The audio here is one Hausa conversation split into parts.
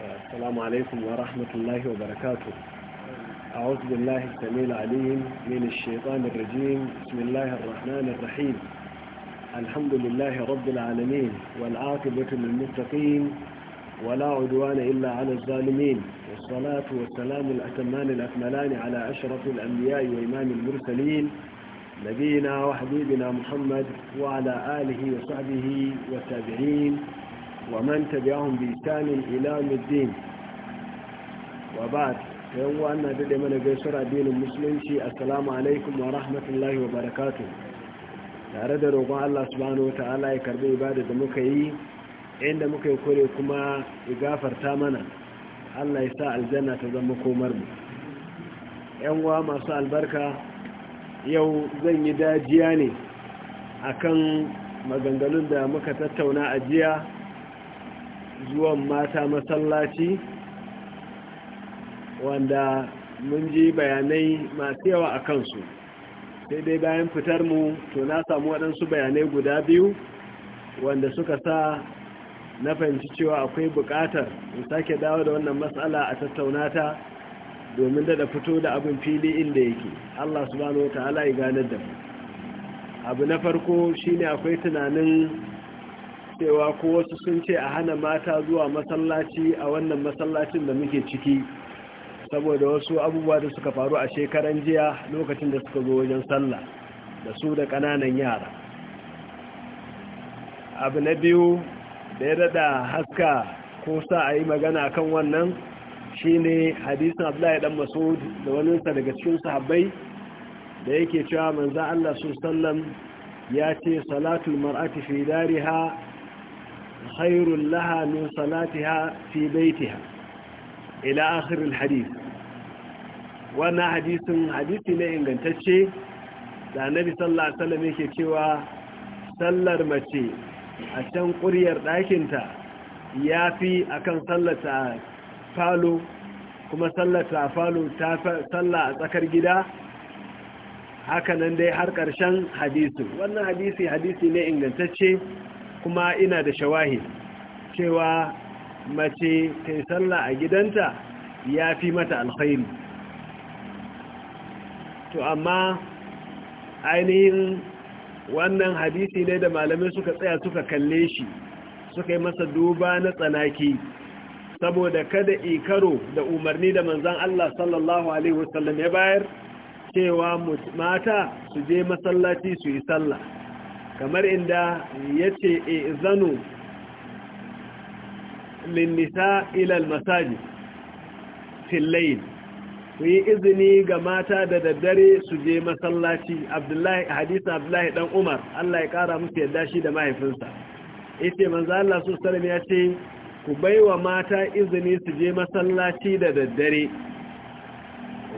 السلام عليكم ورحمة الله وبركاته أعوذ بالله السميع العليم من الشيطان الرجيم بسم الله الرحمن الرحيم الحمد لله رب العالمين والعاقبة للمتقين ولا عدوان إلا على الظالمين والصلاة والسلام الأتمان الأكملان على أشرف الأنبياء وإمام المرسلين نبينا وحبيبنا محمد وعلى آله وصحبه والتابعين ومن تبعهم بإحسان إلى الدين وبعد yan ana daɗe mana gaisar addinin musulunci assalamu alaikum wa rahmatullahi wa barakatu tare da roƙon allah subhanahu wa ta'ala ya karbi ibada da muka yi inda muka yi kore kuma ya gafarta mana allah ya sa aljanna ta zama komar mu yan uwa masu albarka yau zan yi dajiya ne akan maganganun da muka tattauna a jiya zuwan mata masallaci wanda mun ji bayanai masu yawa a kansu sai dai bayan fitar mu to na samu waɗansu bayanai guda biyu wanda suka sa na fahimci cewa akwai buƙatar in sake dawo da wannan matsala a tattaunata domin da fito da abin fili inda yake Allah subhanahu wa ta'ala ya ganar da mu abu na farko shine akwai tunanin cewa ko wasu sun ce a hana mata zuwa masallaci a wannan masallacin da muke ciki saboda wasu abubuwa da suka faru a shekaran jiya lokacin da suka zo wajen sallah da su da kananan yara abu na biyu da ya dada haska ko sa a yi magana kan wannan shine hadisin abdullahi dan masud da waninsa daga cikin sahabbai da yake cewa manzan allah su sallam ya ce salatul mar'ati fi dariha khairun laha min salatiha fi baitiha ila akhirul hadith wannan hadisin hadisi ne ingantacce da annabi sallallahu alaihi wasallam yake cewa sallar mace a can ƙuryar ɗakinta ya fi a kan sallata falo kuma sallata falo ta salla a tsakar gida hakanan dai har ƙarshen hadisu wannan hadisi hadisi ne ingantacce kuma ina da shawahi cewa mace ta yi sallah a gidanta ya fi mata alkhairi to amma ainihin wannan hadisi ne da malamai suka tsaya suka kalle shi suka yi masa duba na tsanaki saboda kada ikaro da umarni da manzan Allah sallallahu Alaihi wasallam ya bayar cewa mata su je masallaci su yi sallah kamar inda ya ce e zanu linnisa ilal masaji fillayin ku yi izini ga mata da daddare su je masallaci abdullahi hadisa abdullahi dan umar allah ya kara musu yadda shi da mahaifinsa ita manzo allah su salam ya ce ku bai wa mata izini su je masallaci da daddare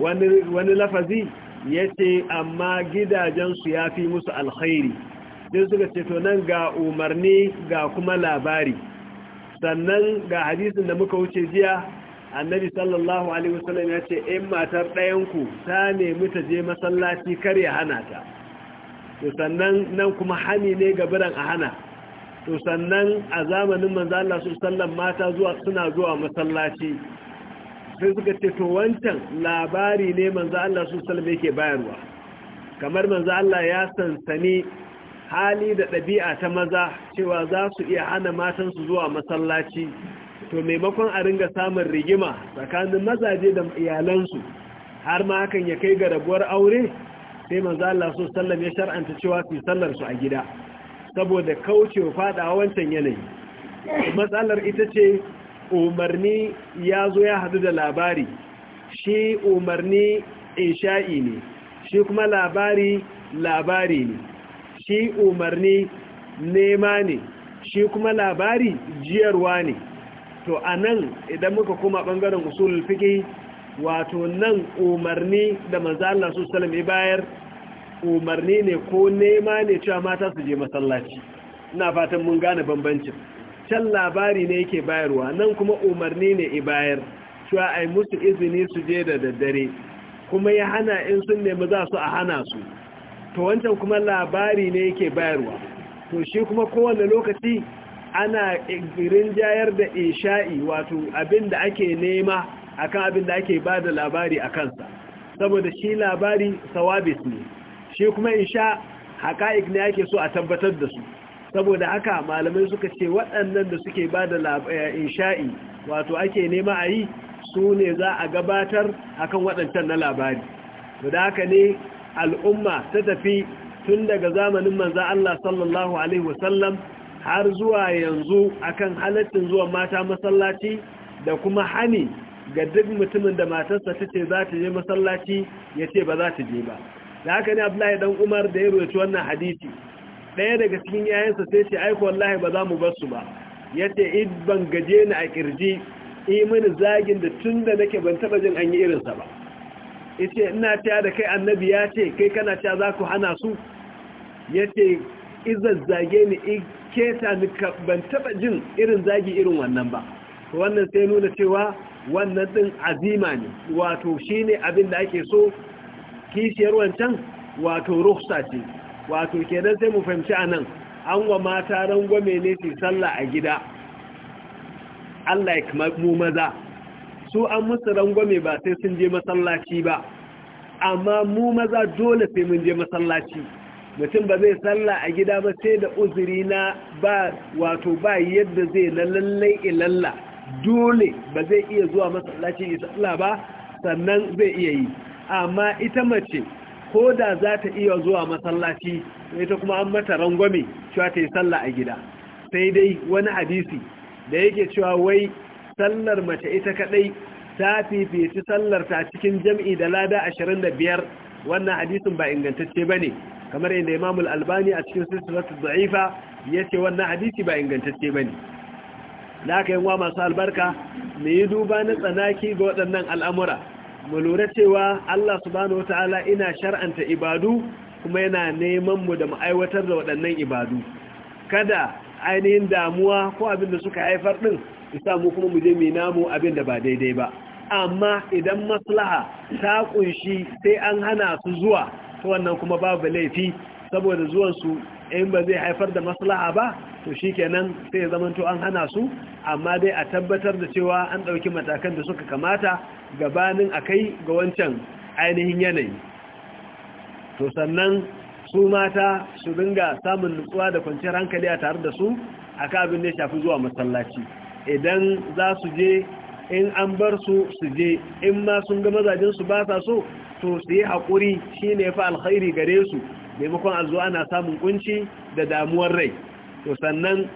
wani lafazi ya ce amma gidajensu ya fi musu alkhairi din suka ce to nan ga umarni ga kuma labari sannan ga hadisin da muka wuce jiya annabi sallallahu alaihi wasallam ya ce in matar ɗayanku ta nemi ta je masallaci kar ya hana ta to sannan nan kuma hani ne ga biran a hana to sannan a zamanin manzo Allah sallallahu mata zuwa suna zuwa masallaci sai suka ce to wancan labari ne manzo Allah sallallahu yake bayarwa kamar manzo Allah ya sansani hali da ɗabi'a ta maza cewa za su iya hana matansu zuwa masallaci to maimakon a ringa samun rigima tsakanin mazaje da iyalansu har ma hakan ya kai ga rabuwar aure sai manzo Allah so sallam ya shar'anta cewa su sallar su a gida saboda kaucewa fada wancan yanayi matsalar ita ce umarni ya zo ya hadu da labari shi umarni sha'i ne shi kuma labari labari ne shi umarni nema ne shi kuma labari jiyarwa ne to a nan idan muka kuma ɓangaren usulul fiki wato nan umarni da manzala su salami bayar umarni ne ko nema ne cewa mata su je masallaci na fatan mun gane bambancin can labari ne yake bayarwa nan kuma umarni ne i bayar cewa ai musu izini su je da daddare kuma ya hana in sun nemi za su a hana su to wancan kuma labari ne yake bayarwa to shi kuma kowane lokaci ana rinjayar da isha'i wato abin da ake nema akan abin da ake ba da labari a kansa saboda shi labari sawabis ne shi kuma isha haƙa'ik ne ake so a tabbatar da su saboda haka malamai suka ce waɗannan da suke ba da eh, isha'i wato ake nema a yi su ne za a gabatar akan waɗancan na labari da haka ne al'umma ta tafi tun daga zamanin manza Allah sallallahu Alaihi wasallam har zuwa yanzu akan halittin zuwa mata masallaci da kuma hani ga duk mutumin da matarsa ta ce za ta je masallaci ya ce ba za ta je ba da haka ne Abdullahi dan Umar da ya roci wannan hadisi ɗaya daga cikin yayansa sai ce aiko wallahi ba za mu bar su ba yace id ban gaje ni a kirji imani zagin da tun da nake ban taɓa jin an yi irinsa ba yace ina ta da kai annabi ya ce kai kana ta za ku hana su yace zage ni in keta ni ban taba jin irin zagi irin wannan ba wannan sai nuna cewa wannan din azima ne wato shine abin da ake so kishiyar wancan wato ruhsa ce wato kenan sai mu fahimci anan an wa mata rangwame ne su sallah a gida Allah ya mu maza su an musu rangwame ba sai sun je masallaci ba amma mu maza dole sai mun je masallaci mutum ba zai salla a gida ba sai da uzuri na ba wato ba yadda zai na lallai ilalla dole ba zai iya zuwa masallaci ya salla ba sannan zai iya yi amma ita mace ko da za ta iya zuwa masallaci ita kuma an mata rangwame cewa ta yi salla a gida sai dai wani hadisi da yake cewa wai sallar mace ita kadai ta fifici sallar ta cikin jam'i da lada 25 wannan hadisin ba ingantacce bane kamar inda Imam al-Albani a cikin silsilatu ya yace wannan hadisi ba ingantacce bane da aka yi wa masu albarka mu yi duba na tsanaki ga waɗannan al'amura mu lura cewa Allah subhanahu wata'ala ina shar'anta ibadu kuma yana neman mu da mu aiwatar da waɗannan ibadu kada ainihin damuwa ko abin da suka haifar ɗin isa mu kuma mu je mu namu abin da ba daidai ba amma idan maslaha ta kunshi sai an hana su zuwa to wannan kuma babu laifi saboda zuwan su in ba zai haifar da maslaha ba to shikenan sai ya zamanto an hana su amma dai a tabbatar da cewa an dauki matakan da suka kamata gabanin akai ga wancan ainihin yanayi to sannan su mata su dinga samun nutsuwa da kwanciyar hankali a tare da su akan abin da ya shafi zuwa masallaci idan za su je in an bar su su je in ma sun ga mazajensu ba sa so to su yi haƙuri shi ne fa alkhairi gare su maimakon a zuwa ana samun kunci da damuwar rai to sannan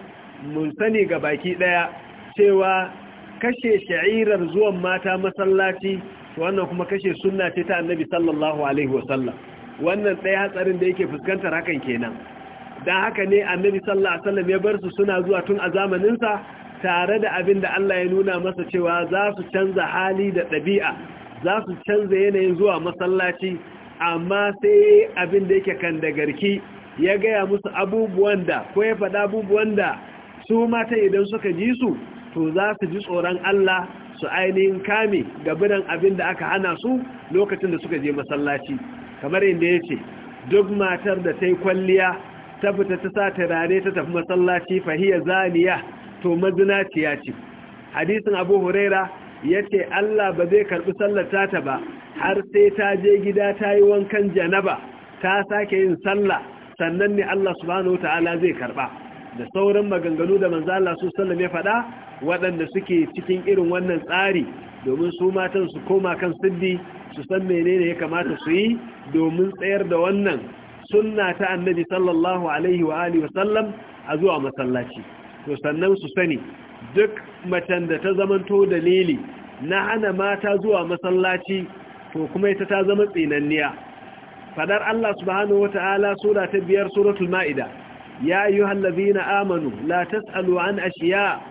mun sani ga baki ɗaya cewa kashe sha'irar zuwan mata masallaci wannan kuma kashe sunna ce ta annabi sallallahu alaihi wasallam wannan ɗaya hatsarin da yake fuskantar hakan kenan don haka ne annabi sallallahu alaihi wasallam ya bar su suna zuwa tun a zamaninsa tare da abin da Allah ya nuna masa cewa za su canza hali da ɗabi'a za su canza yanayin zuwa masallaci amma sai abin da yake kan dagarki garki ya gaya musu abubuwan da ko ya faɗa abubuwan da su mata idan suka ji su to za su ji tsoron Allah su ainihin kame gabinan abin da aka hana su lokacin da suka je masallaci kamar yadda ya ce duk matar da ta yi kwalliya ta fita ta sa turare ta tafi masallaci fahiyar zaniya to mazinaciya ce hadisin abu huraira ya ce allah ba zai karɓi sallata ta ba har sai ta je gida ta yi wankan janaba ta sake yin sallah sannan ne allah subhanahu ta'ala zai karɓa da sauran maganganu da manzo allah su sallam ya faɗa waɗanda suke cikin irin wannan tsari domin su matan su koma kan siddi su san menene ya kamata su yi domin tsayar da wannan sunna ta annabi sallallahu alaihi wa alihi wa sallam a zuwa masallaci to sannan su sani duk macen da ta zamanto dalili na hana mata zuwa masallaci to kuma ita ta zama tsinanniya fadar Allah subhanahu Ta'ala sura ta biyar suratul ma'ida ya ayyuhal ladhina amanu la tas'alu an ashiya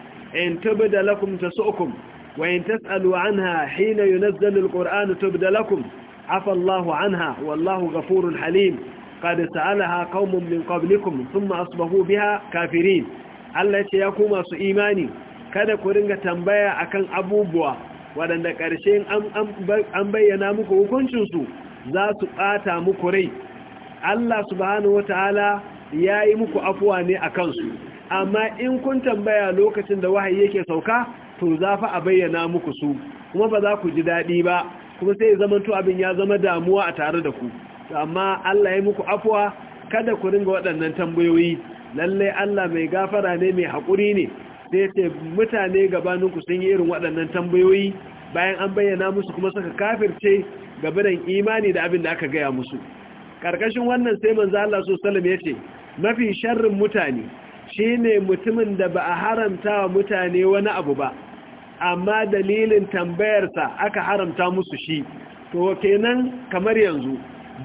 in tubda lakum tasu'kum wa in tas'alu anha hina yunazzalu Ƙur'ani tubda lakum afa Allahu anha wallahu ghafurun halim qad sa'alaha qaumun min qablikum thumma asbahu biha kafirin Allah ya ce ya koma su imani kada ku ringa tambaya akan abubuwa waɗanda ƙarshe an bayyana muku hukuncinsu za su ɓata muku rai Allah subhanahu wata'ala ya yi muku afuwa ne a kansu amma in kun tambaya lokacin da wahayi yake sauka to za fa a bayyana muku su kuma ba za ku ji daɗi ba kuma sai zamanto abin ya zama damuwa a tare da ku amma Allah ya yi muku afuwa kada ku ringa waɗannan tambayoyi lalle Allah mai gafara ne mai haƙuri ne sai ce mutane gabaninku sun yi irin waɗannan tambayoyi bayan an bayyana musu kuma suka kafirce gabanin imani da abin da aka gaya musu ƙarƙashin wannan sai manzo Allah so ya ce mafi sharrin mutane shine mutumin da ba a haramta wa mutane wani abu ba amma dalilin tambayarsa aka haramta musu shi to kenan kamar yanzu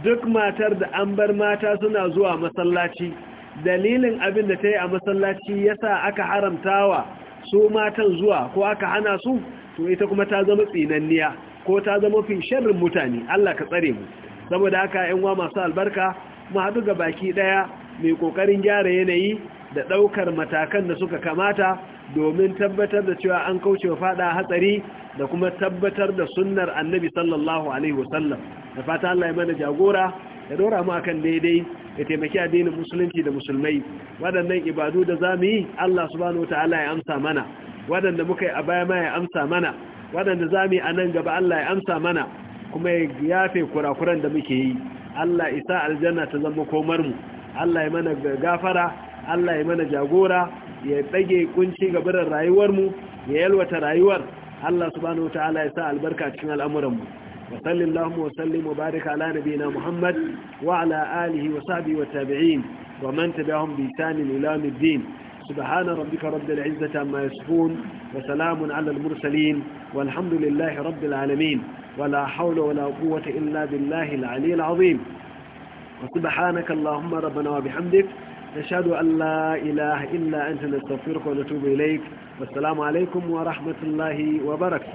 duk matar da an bar mata suna zuwa masallaci dalilin abin da ta yi a masallaci sa aka haramta wa su matan zuwa ko aka hana su to ita kuma ta zama tsinanniya ko ta zama fi shirin mutane Allah ka tsare mu saboda haka yan wa masu albarka ma haɗu ga baki ɗaya mai ƙoƙarin gyara yanayi da ɗaukar matakan da suka kamata domin tabbatar da cewa an kauce faɗa hatsari da kuma tabbatar da sunnar annabi sallallahu alaihi wasallam da fata Allah ya mana jagora ya dora mu akan daidai ya taimaki addinin musulunci da musulmai waɗannan ibadu da za mu yi Allah subhanahu wataala ya amsa mana waɗanda muka yi a baya ma ya amsa mana waɗanda za mu yi a nan gaba Allah ya amsa mana kuma ya yafe kurakuran da muke yi Allah isa aljanna ta zama komar mu Allah ya mana gafara Allah ya mana jagora ya tsage kunci ga biran rayuwar mu ya yalwata rayuwar Allah subhanahu wataala ya sa albarka cikin al'amuran mu وصل اللهم وسلم وبارك على نبينا محمد وعلى آله وصحبه والتابعين ومن تبعهم الى الإلام الدين سبحان ربك رب العزة عما يصفون وسلام على المرسلين والحمد لله رب العالمين ولا حول ولا قوة إلا بالله العلي العظيم وسبحانك اللهم ربنا وبحمدك نشهد أن لا إله إلا أنت نستغفرك ونتوب إليك والسلام عليكم ورحمة الله وبركاته